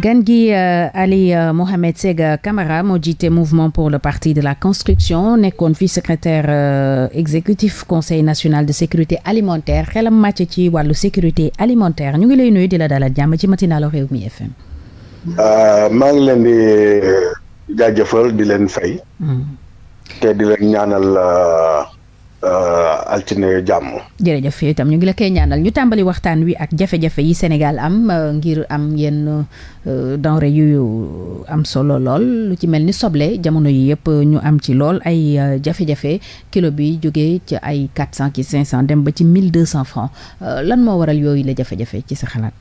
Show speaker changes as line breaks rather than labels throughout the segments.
gan gi euh, Ali euh, Mohamed Sega Camara moo jiite mouvement pour le parti de la construction nekkoon fi secrétaire euh, exécutif conseil national de sécurité alimentaire xelam ma ci wàllu sécurité alimentaire ñu ngi lay nuyu di la dalal jàmm ci matinalu Rewmi FM.
maa ngi leen di di leen fay. Hmm. te di leen ñaanal. Euh, altine jàmm.
jërëjëf yi itam ñu ngi la koy ñaanal ñu tàmbali waxtaan wi ak jafe-jafe yi Sénégal am euh, ngir am yenn euh, denrée yu am solo lool lu ci mel ni soble jamono yi yëpp ñu am ci lool ay jafe-jafe kilo bi jóge ci ay quatre cent ki cinq cent dem ba ci mille deux cent francs lan moo waral yooyu la jafe-jafe ci sa xalaat.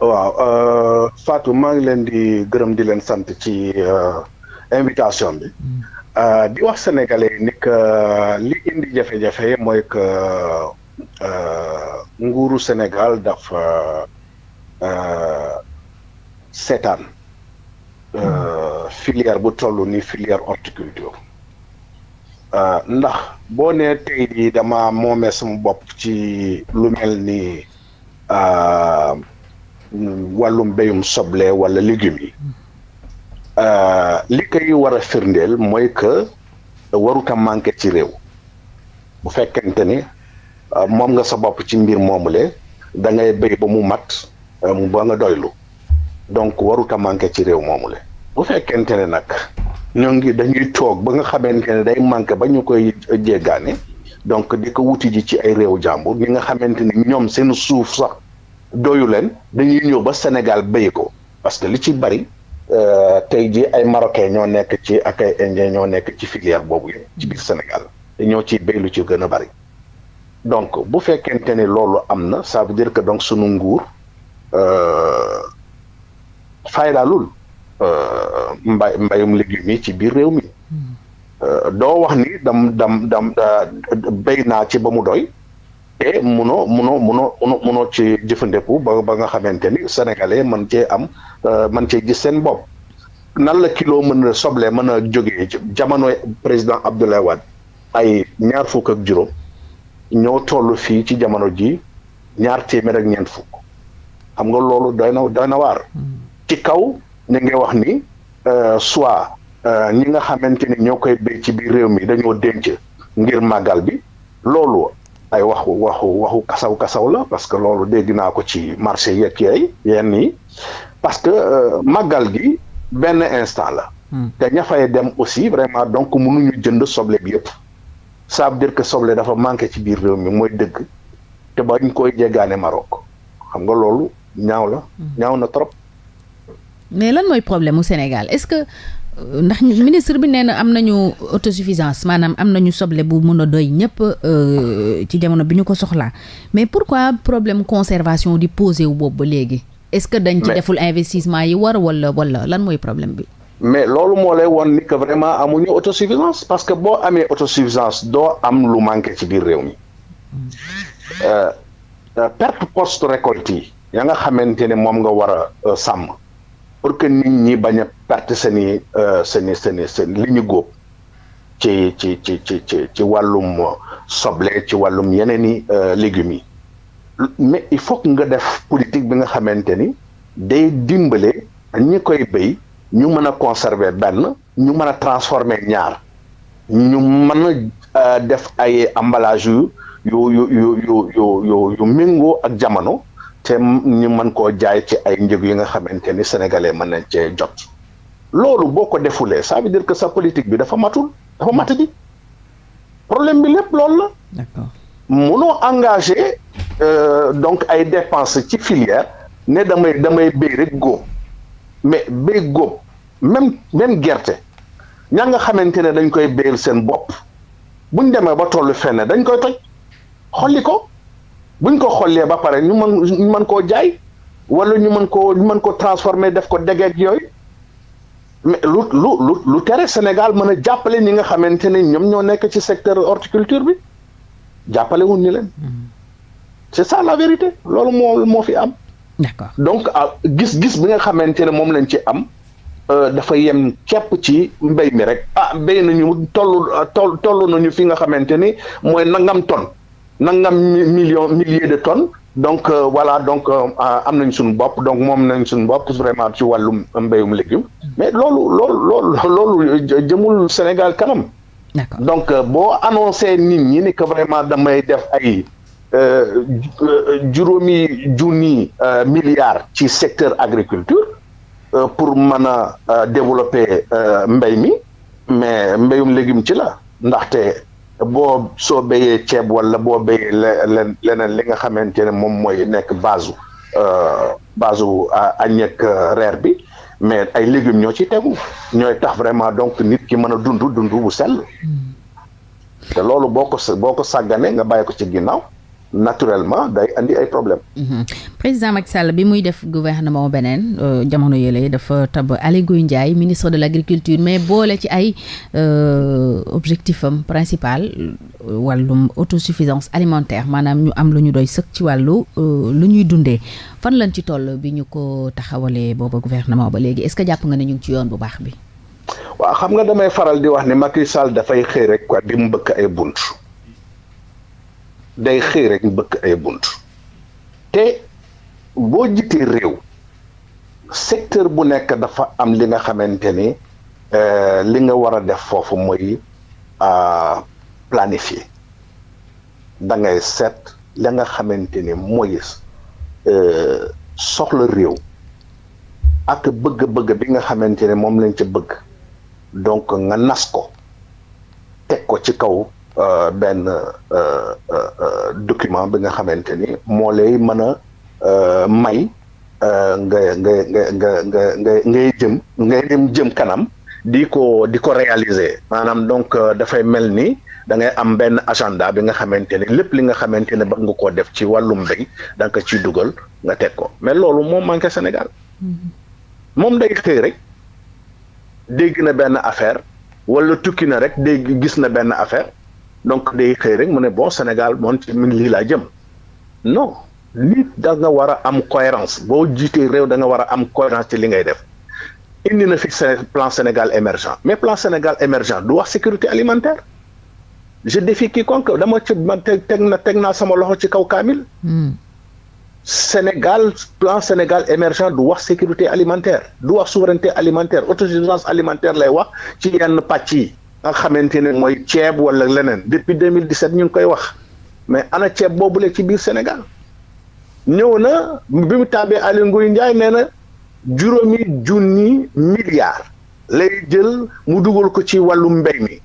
waaw Fatou maa ngi leen di gërëm di leen sant ci invitation bi. Mm. Euh, di wax sénégalais yi ni que euh, li indi jafe-jafe mooy que euh, nguuru Sénégal dafa seetaan filière bu toll ni filière horticulture ndax boo nee tey jii dama moomee sama bopp ci lu mel ni wàllum béyum soble wala légumes yi. Euh, li koy war a firndeel mooy que warut a manqué ci réew bu fekkente ni euh, moom nga sa bopp ci mbir moomule da ngay béy ba mu mat euh, ba nga doylu donc warut a manqué ci réew moomule bu fekkente ne nag ñoo ngi dañuy toog ba nga xamante ne day manqué ba ñu koy jéggaane donc di ko wuti ji ci ay réew jàmbur ñi nga xamante ni ñoom seen suuf sax doyu leen dañuy ñëw ba Sénégal béy ko parce que li ci bari. Euh, tey jii ay marocain ñoo nekk ci ak ay ñoo nekk ci filière boobu yi ci biir Sénégal te ñoo ciy béy lu ci gën a bari donc bu fekkente ni loolu am na ça veut dire que donc sunu nguur euh, faydaalul euh, mbay mbayum légumes yi ci biir réew mi euh, doo wax ni dam dam dam béy naa ci ba mu doy te munoo munoo munoo munoo ci jëfandeku ba ba nga xamante ni sénégalais mën cee am man cee gis seen bopp nan la kilo mën a soble mën a jógee jamonoy président Abdoulaye Wade ay ñaar fukk ak juróom ñoo toll fii ci jamono ji ñaar téeméer ak ñeent fukk xam nga loolu day na doy waar ci kaw ñu ngi wax ni euh, soit euh, ñi nga xamante ni ñoo koy béy ci biir réew mi dañoo denc ngir màggal bi loolu ay waxu waxu waxu kasaw kasaw la parce que loolu dégg naa ko ci marché yeeg key yenn yi parce que euh, màggal gi benn instant la. Hmm. te ña fay dem aussi vraiment donc mënuñu jënd soble bi yëpp. ça veut dire que soble dafa manqué ci biir réew mi mooy dëgg te ba ñu koy jéggaane Maroc xam nga loolu ñaaw la. Hmm. ñaaw na trop.
mais lan mooy problème mu Sénégal est-ce que euh, ndax ministre bi nee na am nañu autosuffisance maanaam am na ñu soble bu mën a doy ñëpp euh, ci jamono bi ñu ko soxlaa mais pourquoi problème conservation di posé wu boobu ba léegi. est-ce que dañ ci deful investissement yi war wala wala lan mooy problème bi
mais loolu moo lay won ni que vraiment amuñu autosuffisance parce que boo amee autosuffisance doo am lu manqué ci biir réew mi euh, euh, perte post récolte yi ya nga xamante ne moom nga war a euh, sàmm pour que nit ñi bañ a perte seeni seeni seeni seen li ñu góob ci ci ci ci ci ci wàllum soble ci wàllum yeneen i légumes yi mais il faut nga def politique bi nga xamante ni day dimbale ñi koy béy ñu mën a conserver benn ñu mën a transformer ñaar ñu mën a euh, def ay emballage yu yu yu yu yu yu méngoo ak jamono te ñu mën koo jaay ci ay njëg yi nga xamante ni sénégalais mën nañ cee jot loolu boo ko defulee sa veut dire que sa politique bi dafa matul dafa matadi problème bi lépp loolu la. munoo engagé. Euh, donc ay dépense ci filière ne damay damay béy rek góob mais béy góob même même gerte ña nga xamante ne dañ koy béyal seen bopp buñ demee ba tollu fenn dañ koy toj xolli ko buñ ko xollee ba pare ñu mën ñu mën koo jaay wala ñu mën koo mën ko transformer def ko degeeg yooyu mais lu lu lu lu tere Sénégal mën a jàppale ñi nga xamante ne ñoom ñoo nekk ci secteur horticulture bi jàppale wuñ ni leen c'est ça la vérité loolu moo moo fi am. d'accord donc ah, gis-gis bi nga xamante ne moom lañ ci am. Euh, dafa yem képp ci mbéy mi rek ah béy nañu toll toll toll nañu fi nga xamante ni mooy nangam tonne nangam million milliers de tonnes donc euh, voilà donc euh, ah, am nañ suñu bopp donc moom nañ suñu bopp vraiment ci wàllum mbéyum légume mais loolu loolu jëmul Sénégal kanam. donc boo annoncé nit ñi ni que vraiment damay def ay. Euh, euh, juróomi junni euh, milliards ci secteur agriculture pour mën a développer mbéy mi mais mbéyum légume ci la ndaxte boo soo béyee ceeb wala boo béyee leneen leneen li nga xamante ne moom mooy nekk base su base su añ ak reer bi mais ay légum ñoo ci tegu ñooy tax vraiment donc nit ki mën a dund dund bu sell mm. te loolu boo ko boo ko sàgganee nga bàyyee ko ci ginnaaw naturellement day andi ay problème mhm.
président Macky Sall bi muy def gouvernement beneen euh, jamono yële dafa tab Aly Ngouille njaay ministre de l' agriculture mais boole ci ay euh, objectif am principal euh, wàllum autosuffisance alimentaire maanaam ñu am lu ñu doy sëkk ci wàllu lu ñuy dundee fan lañ ci toll bi ñu ko taxawalee booba gouvernement ba léegi est ce que jàpp nga ne ñu ngi ci yoon bu baax bi
waaw xam nga damay faral di wax ne Macky Sall dafay xëy rek quoi di mu bëkk ay bunt day xëy rek bëgg ay bunt te boo jitee réew secteur bu nekk dafa am li nga xamante ni euh, li nga war a def foofu mooy euh, planifier da ngay seet la nga xamante ni mooy euh, soxla réew ak bëgg-bëgg bi nga xamante ne moom lañ ca bëgg donc nga nas ko teg ko ci kaw Euh, benn euh, euh, document bi nga xamante ni moo lay mën a may nga nga nga nga nga ngay jëm ngay dem jëm kanam di ko di ko réaliser maanaam donc dafay mel ni da ngay am benn agenda bi nga xamante ni lépp li nga xamante ne bëgg nga koo def ci wàllum mbéy da nga ko ciy dugal nga teg ko mais loolu moom manqué Sénégal mm-hmm. moom day xëy rek dégg na benn affaire wala tukki na rek dégg gis na benn affaire donc day xëy rek mu ne bon Sénégal moon ci min lii laa jëm non nit da nga war a am cohérence boo jiitee réew da nga war a am cohérence ci li ngay def indi na fi plan Sénégal émergent mais plan Sénégal émergent du wax sécurité alimentaire je défie quiconque dama ci man teg na teg naa sama loxo ci kaw kaamil hmm. Sénégal plan Sénégal émergent du wax sécurité alimentaire du wax souveraineté alimentaire autosuffisance alimentaire lay wax ci yenn pàcc yi nga xamante ne mooy ceeb wala leneen depuis 2017 ñu ngi koy wax mais ana ceeb boobule ci biir senegal ñëw na bi mu tàmbee Aly Ngouille Ndiaye nee na juróomi junni milliards lay jël mu dugal ko ci wàllu mbéy mi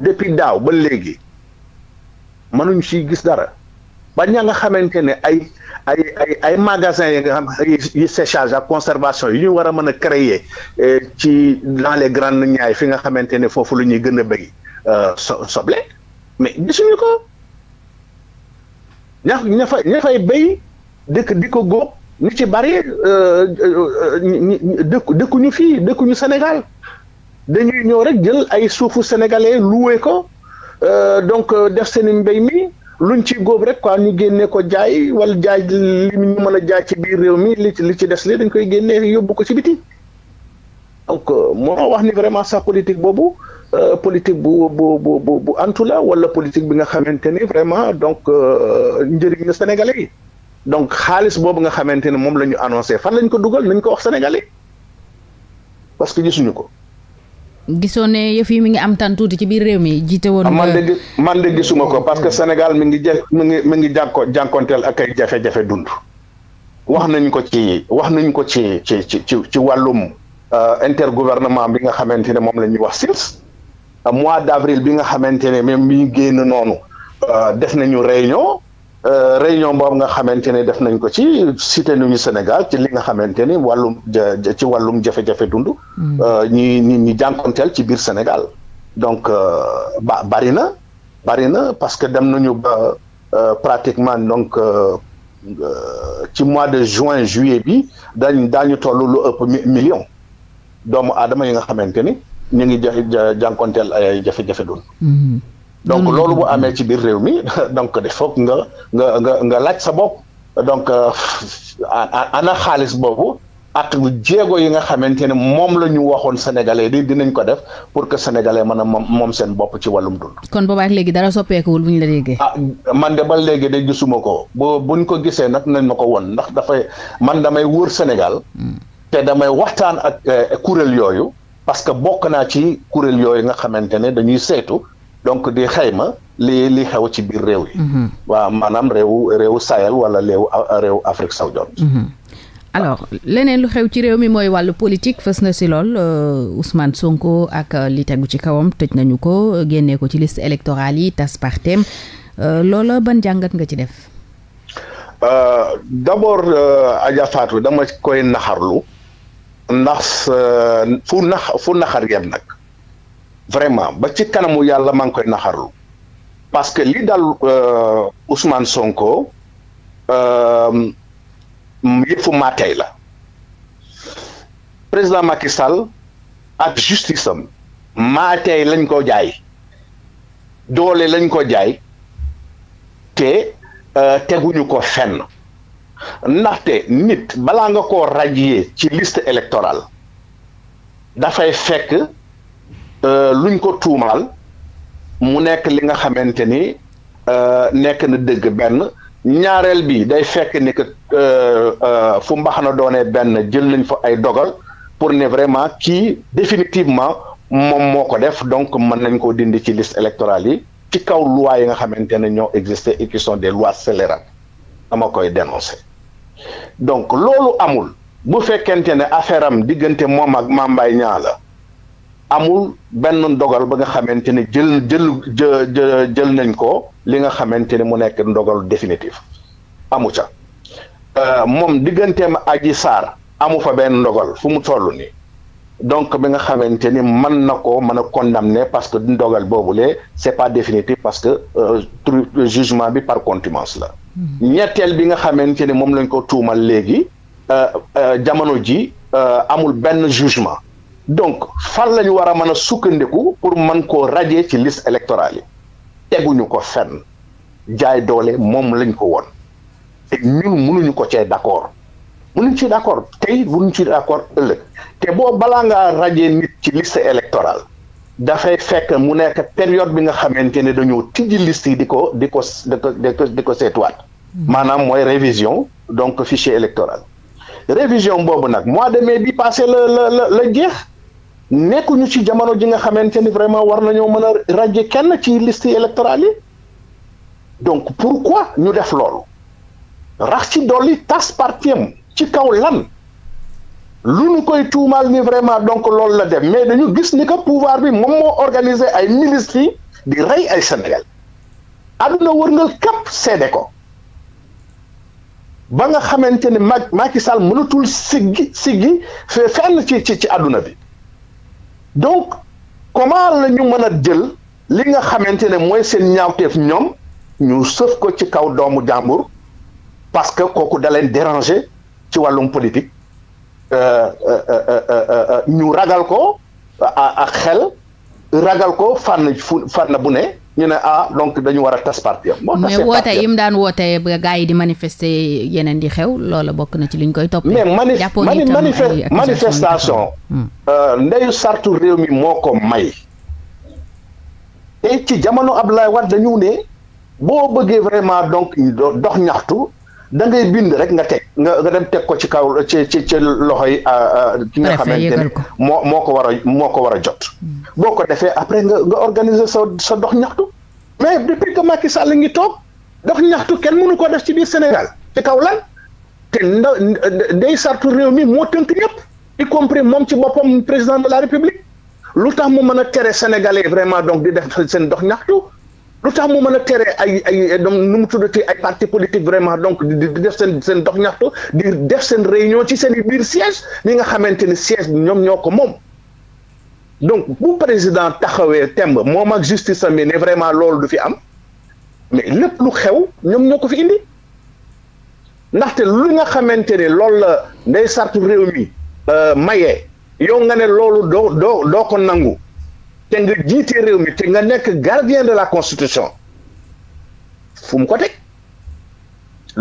depuis daaw ba léegi mënuñ ci gis dara ba ña nga xamante ne ay ay ay ay magasins yi nga xam yu séchage ak conservation yi ñu war a mën a créer eh, ci dans les grandes Niayes fi nga xamante ne foofu la ñuy gën a béy euh, so soble mais gisuñu ko ña ña fay ña fay béy dëkk di ko góob ñu ci bari euh, euh, dëkku dëkkuñu fii dëkkuñu Sénégal dañuy ñëw rek jël ay suufu sénégalais loué ko donc def seen mbéy mii lu luñ ci góob rek quoi ñu génnee ko jaay wala jaay li ñu mën a jaay ci biir réew mi li ci li ci des li dañ koy génne yóbbu ko ci biti donc euh, moo wax ni vraiment sax politique boobu euh, politique bu bu bu bu antu la wala politique bi nga xamante ni vraiment donc euh, njëriñ la sénégalais yi donc xaalis boobu nga xamante ni moom la ñu annoncé fan lañ ko dugal nañ ko wax sénégalais parce que gisuñu ko.
gisoo ne yëf yi mi ngi am tan tuuti ci biir réew mi jiite woon. Ah, man de man de gisuma ko parce que
Sénégal mi ngi ja mi ngi mi ngi jànko jànkonteel ak ay jafe-jafe dund. wax nañ ko ci wax nañ ko ci ci ci ci wàllum euh, intergouvernement bi nga xamante ne moom la ñuy wax SILS euh, mois d' avril bi nga xamante ne même mi génn noonu euh, def nañu réunion. Euh, réunion boobu nga xamante ne def nañ ko ci cité nuñu Sénégal ci li nga xamante ni wàllum ci wàllum jafe-jafe dund. Mm. Euh, ñi ñi ñi jànkonteel ci biir Sénégal. donc euh, ba bari na bari na parce que dem nañu ba pratiquement donc ci mois de juin juillet bi dañ daañu toll lu ëpp million doomu aadama yi nga xamante ni ñu ngi ja jànkonteel ay jafe-jafe dund. Mm-hmm. donc loolu bu amee ci biir réew mi donc il foog nga nga nga nga laaj sa bopp donc euh, ana xaalis boobu ak jéego yi nga xamante ne moom la ñu waxoon sénégalais di dinañ ko def pour que sénégalais mën a moom moom seen bopp ci wàllum dund.
kon boobaak léegi dara soppeekuwul bu ñu la déggee. ah
man de ba léegi de gisuma ko bu buñ ko gisee nag nañ ma ko woon ndax dafay man damay wër Sénégal. Hmm. te damay waxtaan ak eh, kuréel yooyu. parce que bokk naa ci kuréel yooyu nga xamante ne dañuy seetu donc di xayma li li xew ci biir réew yi. Mhm. waaw maanaam réew réewu Sahel wala réew réew Afrique sowu-jant.
Mhm. leneen lu xew ci réew mi mooy wàllu politique fës na si lool euh, Ousmane Sonko ak li tegu ci kawam tëj nañu ko génnee ko ci liste électorale yi tas partem euh, loola ban jàngat nga ci def.
Euh, d'abord Adja Fatou dama koy naxarlu ndax fu nax fu naxar yem nag. vraiment ba ci kanamu yàlla maa ngi koy naxarlu parce que li dal euh, Sonko euh, yëfu maatey la président Macky ak justice am lañ ko jaay doole lañ ko jaay te euh, teguñu ko fenn ndaxte nit balaa nga ko radier ci liste électorale dafay fekk lu euh, luñ ko tuumaal mu nekk li nga xamante ni euh, nekk na dëgg benn ñaareel bi day fekk ni que euh, fu na doone benn jël nañ fo ay dogal pour ne vraiment kii définitivement moom moo ko def donc mën nañ koo dindi ci liste électorale yi ci kaw loi yi nga xamante ne ñoo existé et qui sont des lois scélérates dama koy dénoncer donc loolu amul bu fekkente ne affaire am diggante moom ak Mame Mbaye Niang la amul benn ndogal ba nga xamante ne jël jël jë jël nañ ko li nga xamante ne mu nekk ndogal définitif amu ca euh, moom digganteem Adji Sarr amu fa benn ndogal fu mu toll ni donc bi nga xamante ni mën na ko mën a condamner parce que ndogal boobu boobule c'est pas définitif parce que euh, jugement bi par contumace la mm-hmm. ñetteel bi nga xamante ni moom lañ ko tuumal léegi euh, jamono ji amul benn jugement donc fan la ñu war a mën a sukkandiku pour mën ko rajee ci liste électorale yi teguñu ko fenn jaay doole moom lañ ko woon te ñun mënuñu ko cee d' accord mënuñ ci d' tey mënuñ ci d' accord ëllëg te boo balaa ngaa radier nit ci liste électorale dafay fekk mu nekk période bi nga xamante ne dañoo tijji liste yi di ko di ko di ko di ko seetuwaat hmm. maanaam mooy révision donc fichier électoral révision boobu nag mois de mai bi passé la la la la jeex nekkuñu ci jamono ji nga xamante ni vraiment war nañoo mën a ràjje kenn ci liste électorale yi donc pourquoi ñu def loolu rax ci dolli tas partiem ci kaw lan lu ñu koy tuumaal ni vraiment donc loolu la dem mais dañu gis ni que pouvoir bi moom moo organiser ay milices yi di rey ay Sénégal àdduna wërngal képp seede ko ba nga xamante ni Macky Sall mënatul siggi siggi fenn ci ci ci àdduna bi donc comment la ñu mën a jël li nga xamante ne mooy seen ñaawteef ñoom ñu sëf ko ci kaw doomu jàmbur parce que kooku da leen déranger ci wàllum politique euh, euh, euh, ñu ragal ko ak xel ragal ko fànn na bu ne ñu ne ah donc dañu war a tas parti am. moo mais yi
mu daan woote ba gars yi di manifester yeneen di xew loola bokk na ci liñ koy toppee. mais mani mani manifestation.
Hmm. Euh, ndeyu sartu réew mi moo ko may. te ci jamono ab Abdoulaye war dañu ne boo bëggee vraiment donc dox ñaxtu da ngay bind rek nga teg nga dem teg ko ci kaw ci ci ci loxo yi ah, ah, ki nga xamante ne moo moo ko war a moo ko war a jot hmm. boo ko defee après nga nga organiser sa sa dox ñaxtu mais depuis que Macky Sall ngi toog dox ñaxtu kenn mënu ko def ci biir Sénégal ci kaw lan te ndaw day sartu réew mi moo tënk ñëpp y compris moom ci boppam président de la République lu tax mu mën a tere Sénégalais vraiment donc di def seen dox ñaxtu lu tax mu mën a tere ay ay donc nu mu tuddati ay parti politique vraiment donc di def seen seen dox ñaxtu di def seen réunion ci seen i biir siège ñi nga xamante ni siège bi ñoom ñoo ko moom donc bu président taxawee temb moom ak justice am bi ne vraiment loolu du fi am mais lépp lu xew ñoom ñoo ko fi indi ndaxte lu nga xamante ne loolu la ndey sartu réew mi euh, maye yow nga ne loolu doo doo doo ko nangu te nga jiite réew mi te nga nekk gardien de la constitution fum ko teg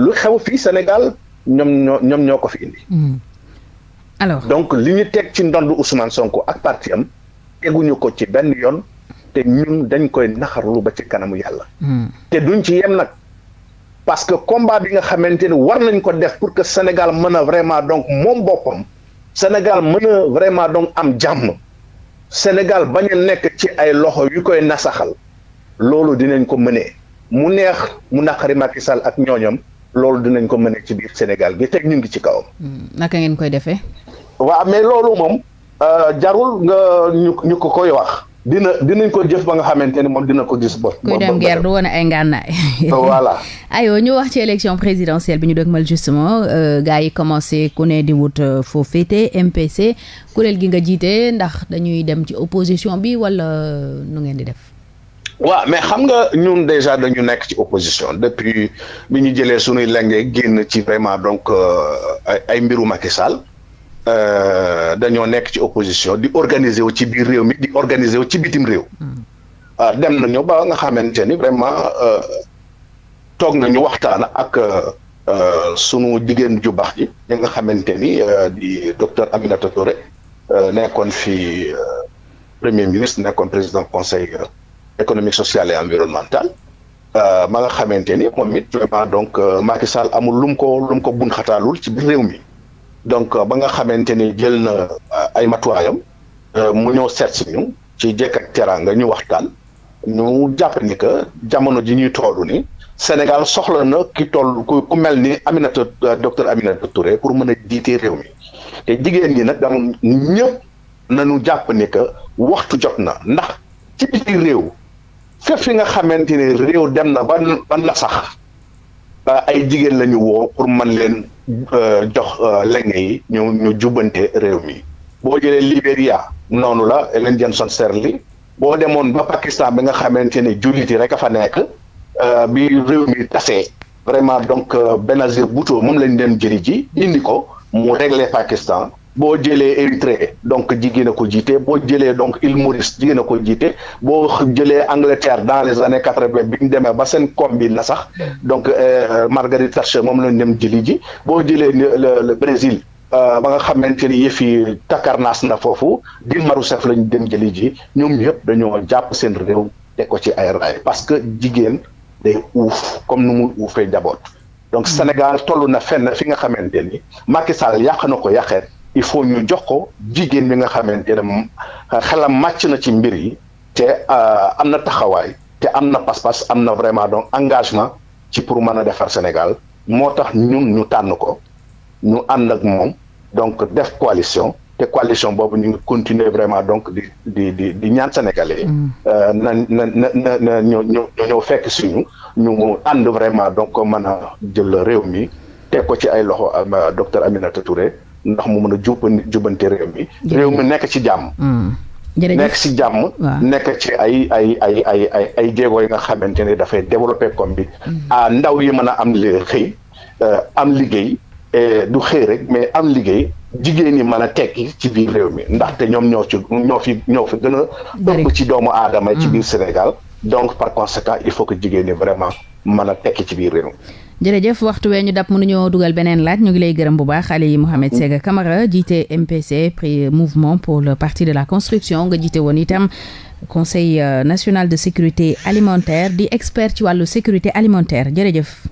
lu xew fii Sénégal ñoom ñoo ñoom ñoo ko fi indi. Hmm. alors donc li ñu teg ci ndond Ousmane Sonko ak parti am teguñu ko ci benn yoon te ñun dañ koy naxarlu ba ci kanamu yàlla. Hmm. te duñ ci yem nag. parce que combat bi nga xamante ni war nañ ko def pour que Sénégal mën a vraiment donc moom boppam Sénégal mën a vraiment donc am jàmm. Sénégal bañ nekk ci ay loxo yu koy nasaxal loolu dinañ ko mënee mu neex mu naqari Macky Sall ak ñooñam loolu dinañ ko mënee ci biir Sénégal bi teg ñu ngi ci kaw
hmm, naka ngeen koy defee.
waaw mais loolu moom. Euh, jarul nga ñu ñu ko koy wax. dina dinañ ko jëf ba nga xamante ni moom dina ko gis. ba kuy dem
guerre du woon ay ngànnaay.
voilà.
ayoo ñu wax ci élection présidentielle bi ñu dëgmal justement euh, gars yi commencé ku ne di wut euh, foo féete MPC kuréel gi nga jiite ndax dañuy dem ci opposition bi wala euh, nu ngeen di def.
waa mais xam nga ñun déjà dañu nekk ci opposition depuis bi ñu jëlee sunuy lenge génn ci vraiment donc ay mbiru Macky Sall Euh, dañoo nekk ci opposition di organiser wu ci biir réew mi di organiser wu ci bitim réew. Hmm. ah dem nañu ba nga xamante ni vraiment euh, toog nañu waxtaan ak euh, sunu jigéen ju baax ji ñi nga xamante ni di docteur Aminata Touré nekkoon fi premier ministre nekkoon président conseil économique social et environnemental. ma nga xamante ni moom it vraiment donc Macky Sall amul lum ko lum ko bun xataalul ci biir réew mi. donc euh, ba nga xamante ni jël na euh, ay matuwaayam euh, mu ñëw seet si ñu ci jekk ak teraanga ñu waxtaan ñu jàpp ni que jamono ji ñuy toll ni Sénégal soxla na ki toll ku mel ni Aminata docteur Aminata Touré pour mën a jiite réew mi te jigéen ñi nag dam ñëpp nañu jàpp ni que waxtu jot na ndax ci biir réew fépp fi nga xamante ni réew dem na ban ban la sax ay jigéen la ñu woo pour mën leen Euh, jox euh, lenge yi ñu ñu jubbante réew mi boo jëlee Libéria noonu la Ellen Johnson Sirleaf boo demoon ba Pakistan bi nga xamante ne jullit yi rek a fa nekk euh, bi réew mi tasee vraiment donc Benazir Bhutto moom lañ dem jëli ji indi ko mu régler Pakistan boo jëlee Érythrée donc jigéen a ko jiite boo jëlee donc île Maurice jigéen a ko jiite boo jëlee Angleterre dans les années quatre vingt bi ñu demee ba seen koom bi la sax donc euh, Margaret Thatcher moom lañ dem jëli ji boo jëlee le Brésil euh, ba nga xamante ni yëf yi takarnaas na foofu Dilma Rousseff lañ dem jëli ji ñoom ñëpp dañoo jàpp seen réew teg ko ci ay raay parce que jigéen day uuf comme nu muy uufee njaboot donc Sénégal toll na fenn fi nga xamante ni Macky yàq na ko yàqeet il faut ñu jox ko jigéen bi nga xamante ne moom euh, xelam màcc na ci mbir yi te euh, am na taxawaay te am na pas-pas am na vraiment donc engagement ci pour mën a defar Sénégal moo tax ñun ñu tànn ko ñu ànd ak moom donc def coalition te coalition boobu ñu ngi continuer vraiment donc di di di di ñaan sénégalais. Mm. Euh, na na na na ñu ñu fekk suñu ñu ànd vraiment donc mën a jël réew mi te ko ci ay loxo docteur Aminata Touré. ndax mu mën a jubban jubbante réew mi réew mi nekk ci jàmm hmm. nekk ci jàmm nekk ci ay ay ay ay ay ay jéego yi nga xamante ne dafay développé comme bi a hmm. ndaw yi mën a am li xëy euh, am liggéey du xëy rek mais am liggéey jigéen ñi mën a tekki ci biir réew mi ndaxte ñoom ñoo ci ñoo fi ñoo fi gën a ëpp ci doomu aadama ci hmm. biir Sénégal donc par conséquent il faut que jigéen ñi vraiment mën a tekki ci biir réew mi
jërëjëf waxtu wee ñu dab mënuñoo dugal beneen laaj ñu ngi lay gërëm bu baax Ali Mohamed Sega Camara jiite MPC prix mouvement pour le parti de la construction nga jiite woon itam conseil euh, national de sécurité alimentaire di expert ci wàllu sécurité alimentaire jërëjëf